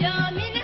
yamin